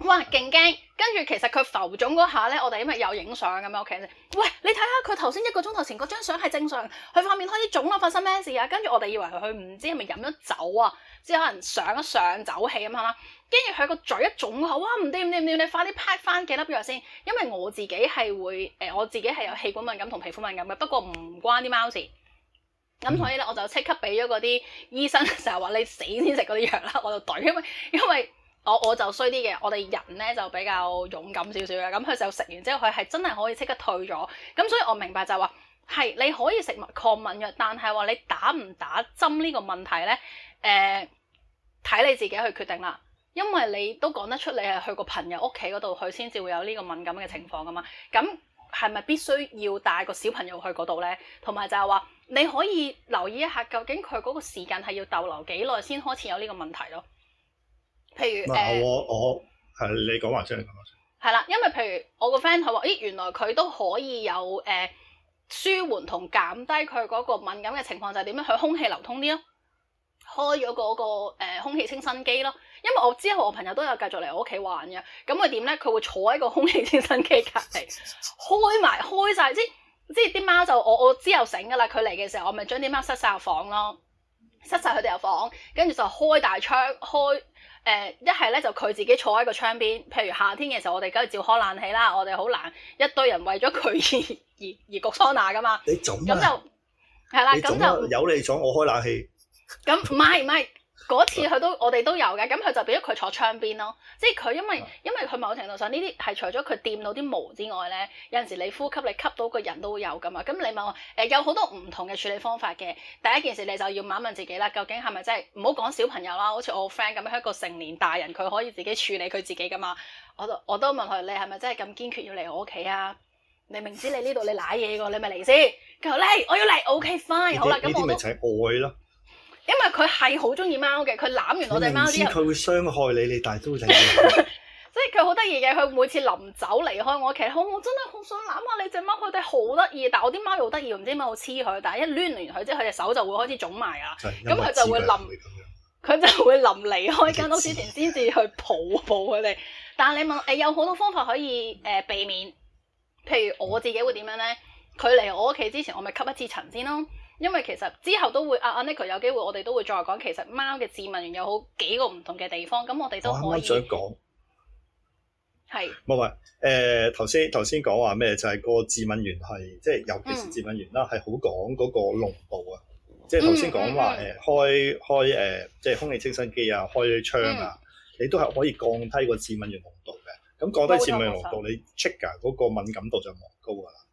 哇，勁驚！跟住其實佢浮腫嗰下呢，我哋因為有影相咁樣，我見喂你睇下佢頭先一個鐘頭前嗰張相係正常，佢塊面開始腫咯，發生咩事啊？跟住我哋以為佢唔知係咪飲咗酒啊？即係可能上一上酒氣咁樣啦，跟住佢個嘴一腫啊！哇，唔掂唔掂唔掂，你快啲拍翻幾粒藥先。因為我自己係會誒、呃，我自己係有氣管敏感同皮膚敏感嘅，不過唔關啲貓事咁，所以咧我就即刻俾咗嗰啲醫生成日話你死先食嗰啲藥啦，我就懟，因為因為我我就衰啲嘅，我哋人咧就比較勇敢少少嘅。咁佢就食完之後，佢係真係可以即刻退咗。咁所以我明白就係話係你可以食抗敏藥，但係話你打唔打針呢個問題咧？誒，睇、欸、你自己去決定啦，因為你都講得出你係去個朋友屋企嗰度佢先至會有呢個敏感嘅情況噶嘛。咁係咪必須要帶個小朋友去嗰度咧？同埋就係話，你可以留意一下究竟佢嗰個時間係要逗留幾耐先開始有呢個問題咯。譬如誒，我、欸、我係你講話先，你講先。係啦，因為譬如我個 friend 佢話，咦、欸，原來佢都可以有誒、欸、舒緩同減低佢嗰個敏感嘅情況，就係、是、點樣？去空氣流通啲咯！開咗、嗰個、呃、空氣清新機咯，因為我之後我朋友都有繼續嚟我屋企玩嘅，咁佢點咧？佢會坐喺個空氣清新機隔離，開埋開晒。即即啲貓就我我之後醒噶啦，佢嚟嘅時候，我咪將啲貓塞晒入房咯，塞晒佢哋入房，跟住就開大窗，開誒一係咧就佢自己坐喺個窗邊。譬如夏天嘅時候，我哋梗係照開冷氣啦，我哋好懶，一堆人為咗佢而而，而焗桑拿噶嘛。你總咁就係啦，咁就有你咗我開冷氣。咁唔係唔係嗰次佢都我哋都有嘅，咁佢就俾咗佢坐窗邊咯。即係佢因為、嗯、因為佢某程度上呢啲係除咗佢掂到啲毛之外咧，有陣時你呼吸你吸到個人都會有噶嘛。咁你問我誒、呃、有好多唔同嘅處理方法嘅。第一件事你就要問一問自己啦，究竟係咪真係唔好講小朋友啦？好似我 friend 咁樣一個成年大人，佢可以自己處理佢自己噶嘛？我都我都問佢你係咪真係咁堅決要嚟我屋企啊？你明知你呢度你瀨嘢噶，你咪嚟先。佢話嚟，hey, 我要嚟。O、okay, K fine，們好啦，咁這些 我都。因為佢係好中意貓嘅，佢攬完我隻貓之後，佢會傷害你，你大都會領養。 即係佢好得意嘅，佢每次臨走離開我屋企，好，我真係好想攬下你隻貓，佢哋好得意。但我啲貓又好得意，唔知點解好黐佢，但係一攣完佢，之後佢隻手就會開始腫埋啊。咁佢就會臨，佢就會臨離開間屋之前，先至去抱抱佢哋。但係你問誒、哎，有好多方法可以誒、呃、避免，譬如我自己會點樣咧？佢嚟、嗯、我屋企之前，我咪吸一次塵先咯。因為其實之後都會阿 a n i k o 有機會，我哋都會再講。其實貓嘅致敏源有好幾個唔同嘅地方，咁我哋都可以。我唔好再講。係是。唔係頭先頭先講話咩？就係、是、個致敏源係即係，尤其是致敏源啦，係好、嗯、講嗰個濃度啊。即係頭先講話誒，開開誒、呃，即係空氣清新機啊，開窗啊，嗯、你都係可以降低個致敏源濃度嘅。咁降低致敏源濃度，你 check 噶嗰個敏感度就冇高噶啦。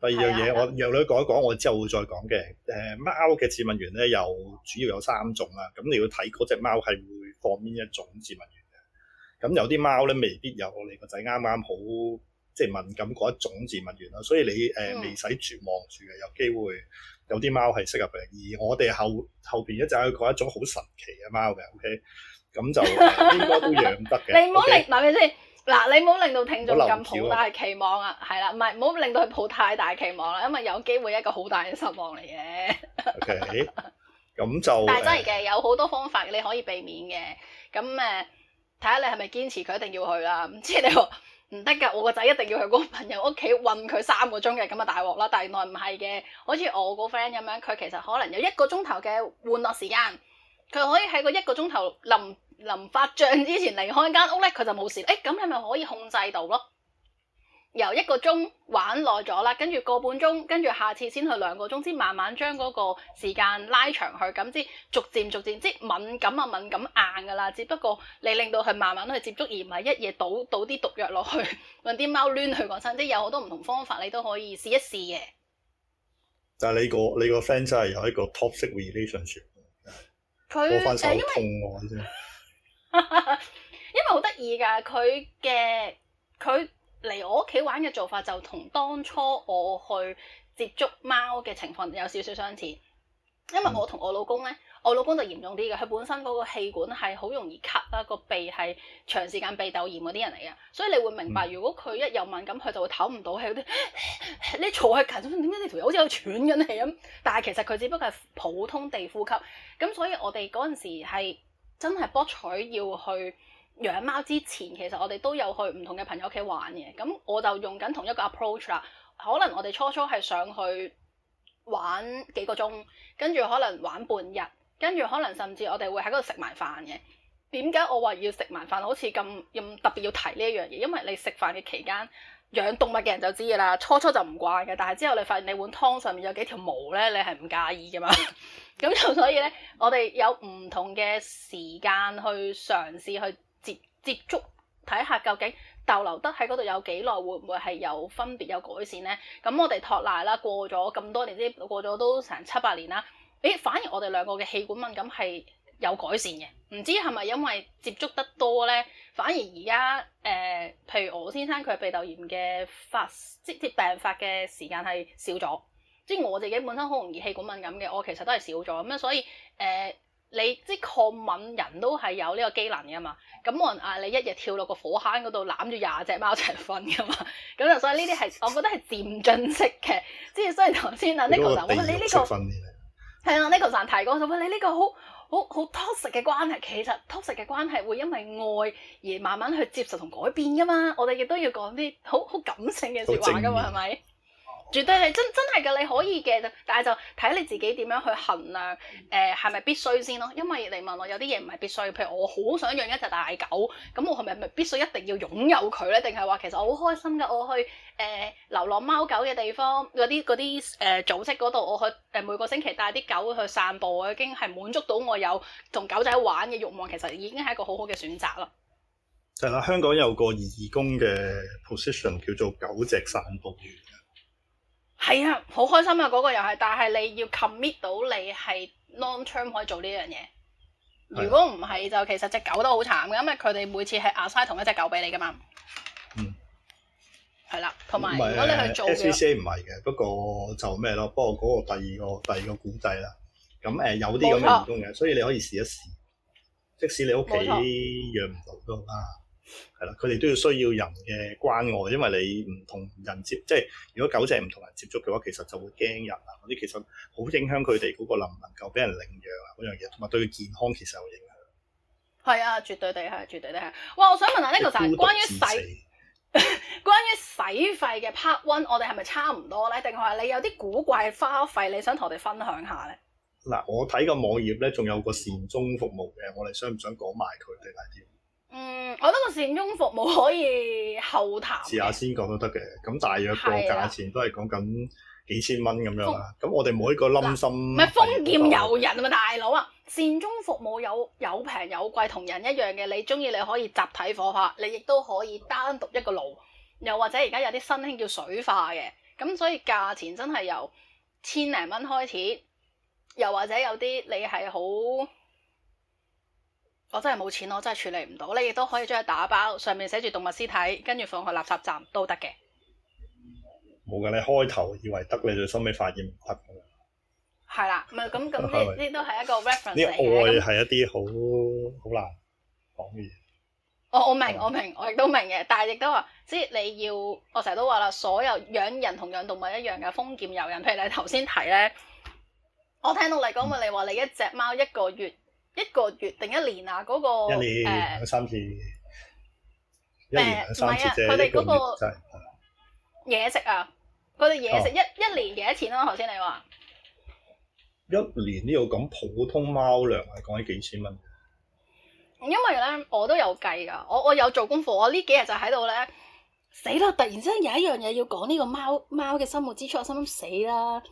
第二樣嘢，啊、我弱女講一講，我之後會再講嘅。誒，貓嘅致敏原咧，有主要有三種啦。咁你要睇嗰隻貓係會放邊一種致敏原嘅。咁有啲貓咧，未必有我哋個仔啱啱好即係敏感嗰一種致敏原啦。所以你誒、呃、未使絕望住嘅，有機會有啲貓係適合嘅。而我哋後後邊一隻係嗰一種好神奇嘅貓嘅，OK？咁就應該都養得嘅。你唔好力慢啲先。嗱，你唔好令到聽眾咁、啊、抱太大期望啊，係啦，唔係唔好令到佢抱太大期望啦，因為有機會一個好大嘅失望嚟嘅。OK，咁 就但係真係嘅，有好多方法你可以避免嘅。咁誒，睇下你係咪堅持佢一定要去啦？唔知你話唔得㗎，我個仔一定要去個朋友屋企混佢三個鐘嘅，咁就大鑊啦。但係原來唔係嘅，好似我個 friend 咁樣，佢其實可能有一個鐘頭嘅玩樂時間，佢可以喺個一個鐘頭臨臨發脹之前離開間屋咧，佢就冇事。誒、欸，咁你咪可以控制到咯。由一個鐘玩耐咗啦，跟住個半鐘，跟住下次先去兩個鐘，先慢慢將嗰個時間拉長去，咁先逐漸逐漸，即係敏感啊，敏感硬噶啦。只不過你令到佢慢慢去接觸，而唔係一夜倒倒啲毒藥落去，揾啲貓攣去嗰親。即有好多唔同方法，你都可以試一試嘅。但係你個你個 friend 真係有一個 toxic relationship，攞翻他手為 因為好得意㗎，佢嘅佢嚟,我屋企玩嘅做法就同當初我去接觸貓嘅情況有少少相似。因為我同我老公咧，我老公就嚴重啲嘅，佢本身嗰個氣管係好容易咳啦，個鼻係長時間鼻竇炎嗰啲人嚟嘅，所以你會明白，如果佢一有敏感，佢就會唞唔到氣啲。 你坐喺度，點解你條友好似有喘緊氣咁？但係其實佢只不過係普通地呼吸。咁所以我哋嗰陣時係。真係博彩要去養貓之前，其實我哋都有去唔同嘅朋友屋企玩嘅。咁我就用緊同一個 approach 啦。可能我哋初初係上去玩幾個鐘，跟住可能玩半日，跟住可能甚至我哋會喺嗰度食埋飯嘅。點解我話要食埋飯，好似咁咁特別要提呢一樣嘢？因為你食飯嘅期間。養動物嘅人就知㗎啦，初初就唔慣嘅，但係之後你發現你碗湯上面有幾條毛咧，你係唔介意噶嘛？咁 就所以咧，我哋有唔同嘅時間去嘗試去接接觸，睇下究竟逗留得喺嗰度有幾耐，會唔會係有分別有改善咧？咁我哋託賴啦，過咗咁多年，即過咗都成七八年啦，誒，反而我哋兩個嘅氣管敏感係，有改善嘅，唔知係咪因為接觸得多咧，反而而家誒，譬如我先生佢係鼻竇炎嘅發即係病發嘅時間係少咗，即係我自己本身好容易氣管敏感嘅，我其實都係少咗咁樣，所以誒、呃，你即係抗敏人都係有呢個機能嘅嘛，咁冇人嗌你一日跳落個火坑嗰度攬住廿隻貓一齊瞓嘅嘛，咁 就，所以呢啲係我覺得係漸進式嘅，即係雖然頭先啊 Nick 嗰陣，喂你呢個係啊，Nick 嗰陣提過，喂你呢、這個好。好好 toxic 嘅關係，其實 toxic 嘅關係會因為愛而慢慢去接受同改變噶嘛。我哋亦都要講啲好好感性嘅說話噶嘛，係咪？是絕對係真真係嘅，你可以嘅，但係就睇你自己點樣去衡量，誒係咪必須先咯？因為你問我有啲嘢唔係必須，譬如我好想養一隻大狗，咁我係咪咪必須一定要擁有佢咧？定係話其實我好開心嘅，我去誒、呃、流浪貓狗嘅地方，嗰啲嗰啲誒組織嗰度，我去誒、呃、每個星期帶啲狗去散步，已經係滿足到我有同狗仔玩嘅欲望，其實已經係一個好好嘅選擇啦。係啦，香港有個義工嘅 position 叫做狗隻散步員。係啊，好開心啊！嗰、那個又係，但係你要 commit 到你係 long term 可以做呢樣嘢。啊、如果唔係就其實隻狗都好慘嘅，因為佢哋每次係 assign 同一隻狗俾你噶嘛。嗯，係啦、啊，同埋、嗯、如果你去做嘅。SPCA 唔係嘅，不過就咩咯？不過嗰個第二個第二個故仔啦。咁誒、呃，有啲咁嘅員工嘅，錯所以你可以試一試。即使你屋企養唔到都好啊。係啦，佢哋都要需要人嘅關愛，因為你唔同人接，即係如果狗隻唔同人接觸嘅話，其實就會驚人啊、嗰啲，其實好影響佢哋嗰個能唔能夠俾人領養啊、嗰樣嘢，同埋對佢健康其實有影響。係啊，絕對地係，絕對地係。哇，我想問下呢個就係關於洗，關於洗費嘅 part one，我哋係咪差唔多咧？定係你有啲古怪嘅花費，你想同我哋分享下咧？嗱，我睇個網頁咧，仲有個善終服務嘅，我哋想唔想講埋佢哋？唔嗯，我覺得善終服務可以後談。遲下先講都得嘅，咁大約個價錢都係講緊幾千蚊咁樣啦。咁的我哋冇一個冧心。唔係封劍遊人啊嘛，的大佬啊！善終服務有，有平有貴，同人一樣嘅。你中意你可以集體火化，你亦都可以單獨一個爐。又或者而家有啲新興叫水化嘅，咁所以價錢真係由千零蚊開始。又或者有啲你係好。.我真係冇錢，我真係處理唔到。你亦都可以將佢打包，上面寫住動物屍體，跟住放去垃圾站都得嘅。冇嘅，你開頭以為得，你就收尾發現唔得。係啦，唔係咁咁，呢呢都係一個 reference 嚟嘅。啲愛係一啲好好難講嘢。我我明，我明，我亦都明嘅，但係亦都話，即係你要，我成日都話啦，所有養人同養動物一樣嘅封建游人，譬如你頭先睇咧，我聽到你講過， 你話你，你一隻貓一個月。一個月定一年啊？嗰、嗰個一年兩三次，呃、一年兩三次啫、唔係啊佢哋嗰個嘢、就係、食啊，佢哋嘢食、哦、一一年幾多錢咯？頭先你話一年呢個咁普通貓糧係講緊幾千蚊？因為咧，我都有計噶，我我有做功課，我呢幾日就喺度咧，死啦！突然之間有一樣嘢要講呢個貓貓嘅生活支出，我心諗死啦～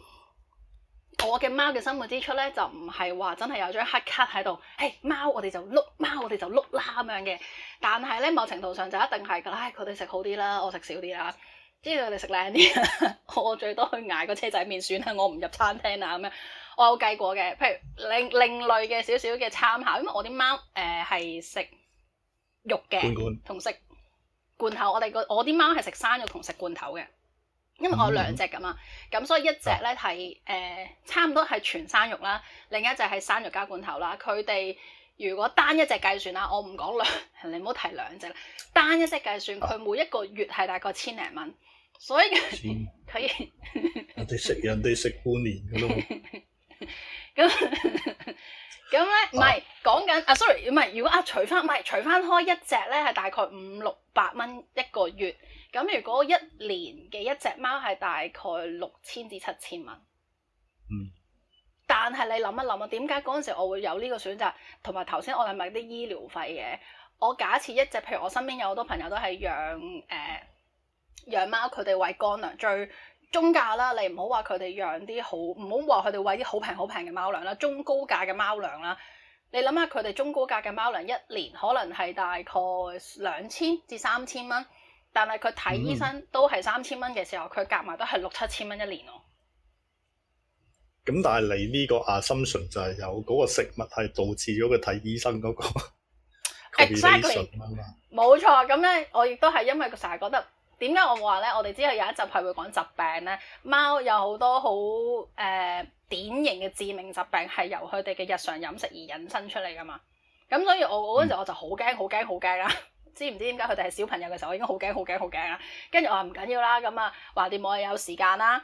我嘅貓嘅生活支出咧，就唔係話真係有一張黑卡喺度，誒貓我哋就碌，貓我哋就碌啦咁樣嘅。但係咧，某程度上就一定係，唉佢哋食好啲啦，我食少啲啦，即係佢哋食靚啲， 我最多去捱個車仔麵算啦，我唔入餐廳啦咁樣。我有計過嘅，譬如另另類嘅少少嘅參考，因為我啲貓誒係食肉嘅，同食冠冠 罐頭。我哋個我啲貓係食生肉同食罐頭嘅。因為我有兩隻㗎嘛，咁所以一隻咧係誒差唔多係全生肉啦，另一隻係生肉加罐頭啦。佢哋如果單一隻計算啦，我唔講兩，你唔好提兩隻啦。單一隻計算，佢每一個月係大概千零蚊，所以佢千它人哋食人哋食半年嘅咯。咁咁咧唔係講緊啊，sorry 唔係，如果啊除返唔係除返開一隻咧係大概五六百蚊一個月。咁如果一年嘅一隻貓係大概六千至七千蚊，嗯，但係你諗一諗啊，點解嗰陣時我會有呢個選擇？同埋頭先我係咪啲醫療費嘅？我假設一隻，譬如我身邊有好多朋友都係養誒、呃、養貓，佢哋餵乾糧，最中價啦。你唔好話佢哋養啲好，唔好話佢哋餵啲好平好平嘅貓糧啦，中高價嘅貓糧啦。你諗下佢哋中高價嘅貓糧一年可能係大概兩千至三千蚊。但係佢睇醫生都係三千蚊嘅時候，佢夾埋都係六七千蚊一年咯。咁但係你呢個 assumption 就係有嗰個食物係導致咗佢睇醫生嗰、嗰個。Exactly。冇錯，咁咧我亦都係因為成日覺得，點解我話咧，我哋之後有一集係會講疾病咧，貓有好多好誒、呃、典型嘅致命疾病係由佢哋嘅日常飲食而引申出嚟噶嘛。咁所以我嗰陣時我就好驚好驚好驚啦。嗯知唔知點解佢哋係小朋友嘅時候，我已經好驚好驚好驚啊！跟住我話唔緊要啦，咁啊話點我有時間啦。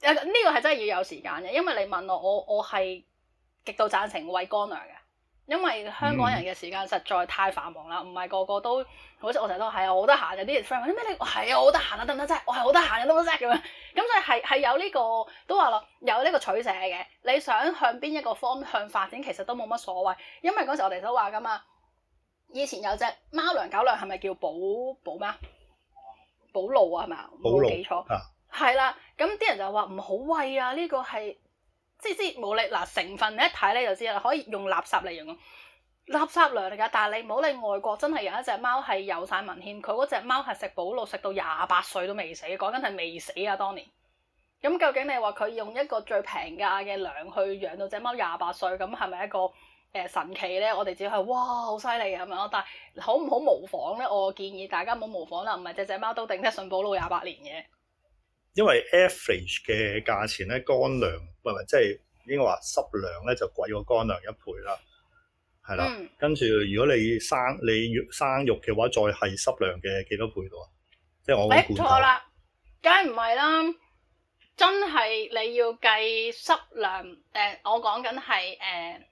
呢、這個係真係要有時間嘅，因為你問我，我我係極度贊成喂乾糧嘅，因為香港人嘅時間實在太繁忙啦，唔係個個都好似我成日都係啊，我得閒嘅啲 friend 話咩你係啊，我得閒啊得唔得啫？我係好得閒嘅得唔得咁樣。咁、嗯、所以係係有呢、這個都話咯，有呢個取捨嘅。你想向邊一個方向,向發展，其實都冇乜所謂，因為嗰時我哋都話㗎嘛。以前有隻貓糧狗糧係咪叫寶寶咩？寶路啊，係咪啊？冇露記錯，係啦、啊。咁啲人就話唔好餵啊！呢、這個係即係即係冇你嗱成分，你一睇咧就知啦。可以用垃圾嚟形容。垃圾糧嚟㗎，但係你冇理。外國真係有一隻貓係有晒文獻，佢嗰隻貓係食寶路食到廿八歲都未死，講緊係未死啊！當年咁究竟你話佢用一個最平價嘅糧去養到隻貓廿八歲，咁係咪一個？誒神奇咧，我哋只係哇好犀利咁樣咯，但係好唔好、好模仿咧？我建議大家唔好模仿啦，唔係隻隻貓都頂得順保攞廿八年嘅。因為 average 嘅價錢咧，乾糧唔唔即係應該話濕糧咧就貴過乾糧一倍啦，係啦。跟住、嗯、如果你生你生肉嘅話，再係濕糧嘅幾多倍度啊？即係我會估、欸、錯啦，梗係唔係啦？真係你要計濕糧誒、呃？我講緊係誒。呃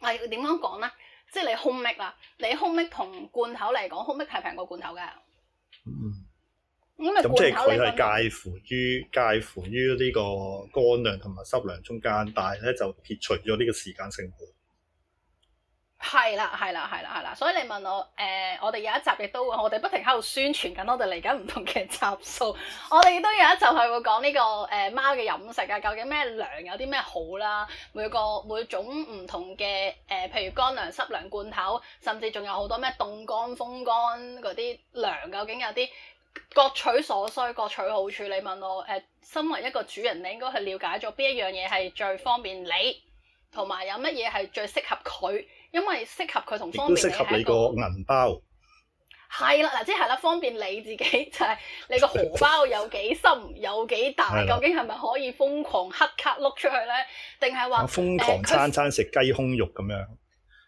係點樣講咧？即係你空맥啦，你 home make 同罐頭嚟講，home make 係平過罐頭嘅。咁、嗯嗯、即係佢係介乎於介乎於呢個乾糧同埋濕糧中間，但係咧就撇除咗呢個時間成本。係啦，係啦，係啦，係啦，所以你問我，誒、呃，我哋有一集亦都會，我哋不停喺度宣傳緊，我哋嚟緊唔同嘅集數， 我哋亦都有一集係會講呢、這個誒、呃、貓嘅飲食啊，究竟咩糧有啲咩好啦，每個每種唔同嘅誒、呃，譬如乾糧、濕糧、罐頭，甚至仲有好多咩凍乾、風乾嗰啲糧，究竟有啲各取所需、各取好處。你問我，誒、呃，身為一個主人，你應該去了解咗邊一樣嘢係最方便你，同埋有乜嘢係最適合佢。因為適合佢同方便你個銀包，係啦嗱，即係啦，方便你自己就係你個荷包有幾深有幾大，究竟係咪可以瘋狂黑卡碌出去咧？定係話瘋狂餐餐食雞胸肉咁樣？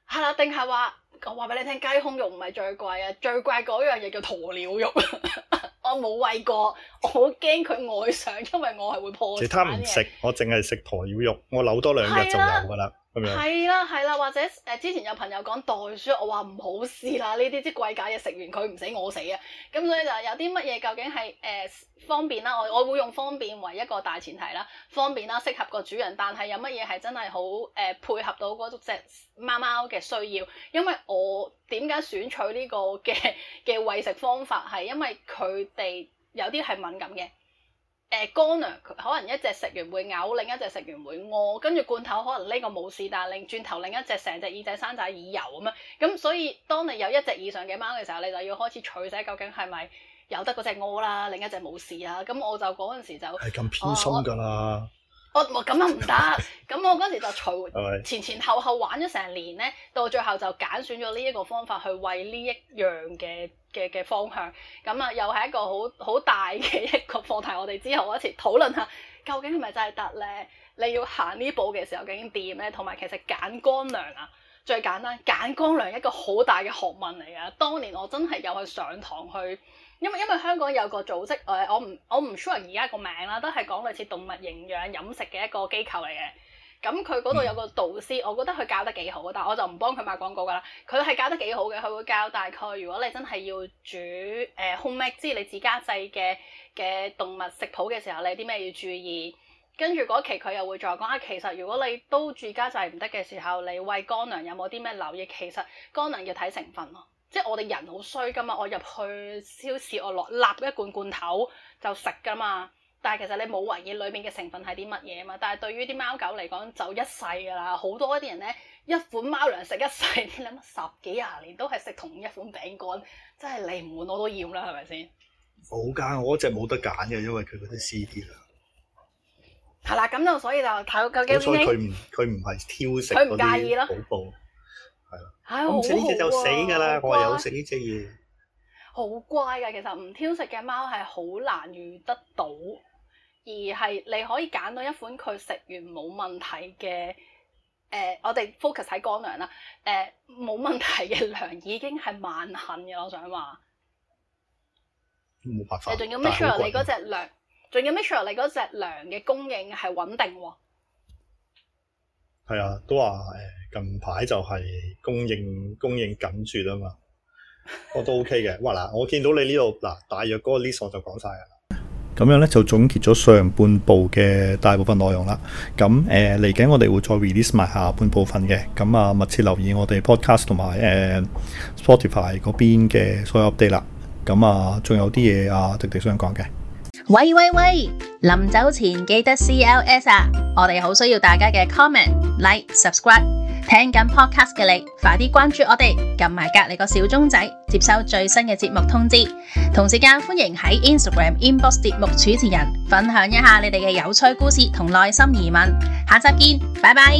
係啦，定係話我話俾你聽，雞胸肉唔係最貴啊，最貴嗰樣嘢叫鴕鳥肉。我冇餵過，我好驚佢愛上，因為我係會破。其他唔食，我淨係食鴕鳥肉，我扭多兩日就有噶啦。係啦係啦，或者誒、呃、之前有朋友講袋鼠，我話唔好試啦，呢啲啲貴價嘢食完佢唔死我死啊！咁所以就有啲乜嘢究竟係誒、呃、方便啦，我我會用方便為一個大前提啦，方便啦，適合個主人。但係有乜嘢係真係好誒、呃、配合到嗰隻貓貓嘅需要？因為我點解選取呢個嘅嘅餵食方法係因為佢哋有啲係敏感嘅。誒、呃、乾糧，可能一隻食完會嘔，另一隻食完會屙。跟住罐頭可能呢個冇事，但係另轉頭另一隻成隻耳仔生仔耳油咁樣，咁所以當你有一隻以上嘅貓嘅時候，你就要開始取捨，究竟係咪有得嗰隻屙啦，另一隻冇事啊？咁我就嗰陣時就係咁偏心㗎啦。我 那我咁又唔得，咁我嗰時就除前前後後玩咗成年咧，到最後就揀選咗呢一個方法去為呢一樣嘅嘅嘅方向。咁啊，又係一個好好大嘅一個課題，我哋之後嗰時討論下究竟係咪真係得咧？你要行呢步嘅時候究竟點咧？同埋其實揀乾糧啊，最簡單揀乾糧一個好大嘅學問嚟㗎。當年我真係有去上堂去。因為因為香港有個組織，誒我唔我唔 sure 而家個名啦，都係講類似動物營養飲食嘅一個機構嚟嘅。咁佢嗰度有個導師，我覺得佢教得幾好，但係我就唔幫佢賣廣告㗎啦。佢係教得幾好嘅，佢會教大概如果你真係要煮誒 home make，即係你自家製嘅嘅動物食譜嘅時候，你有啲咩要注意？跟住嗰期佢又會再講啊，其實如果你都住家製唔得嘅時候，你餵乾糧有冇啲咩留意？其實乾糧要睇成分咯。即係我哋人好衰㗎嘛，我入去超市，我落揦一罐罐頭就食㗎嘛。但係其實你冇懷疑裏面嘅成分係啲乜嘢啊嘛。但係對於啲貓狗嚟講，就一世㗎啦。好多一啲人咧，一款貓糧食一世，你諗十幾廿年都係食同一款餅乾，真係你唔滿我都要啦，係咪先？冇揀，我嗰隻冇得揀嘅，因為佢嗰啲 CD 啦。係啦，咁就所以就睇究竟佢唔佢唔係挑食，佢唔介意咯。頭咁呢隻就死㗎啦！我有食呢隻嘢，好乖嘅。其實唔挑食嘅貓係好難遇得到，而係你可以揀到一款佢食完冇問題嘅。誒、呃，我哋 focus 喺乾糧啦。誒、呃，冇問題嘅糧已經係萬幸嘅。我想話，冇辦法。Sure、你仲要 make sure 你嗰隻糧，仲要 make sure 你嗰隻糧嘅供應係穩定喎。係、嗯、啊，都話誒。近排就係供應供應緊住啊嘛， 我都 OK 嘅。哇嗱，我見到你呢度嗱大約嗰個 list 我就講晒啦。咁樣咧就總結咗上半部嘅大部分內容啦。咁誒嚟緊，呃、我哋會再 release 埋下半部分嘅。咁啊，密切留意我哋 podcast 同埋誒、呃、Spotify 嗰邊嘅所有 update 啦。咁啊，仲有啲嘢啊，廸廸想講嘅。喂喂喂！臨走前記得 CLS 啊！我哋好需要大家嘅 comment、like、subscribe。聽緊 Podcast 嘅你，快啲關注我哋，撳埋隔籬個小鐘仔，接收最新嘅節目通知。同時間歡迎喺 Instagram inbox 節目主持人，分享一下你哋嘅有趣故事同內心疑問。下集見，拜拜。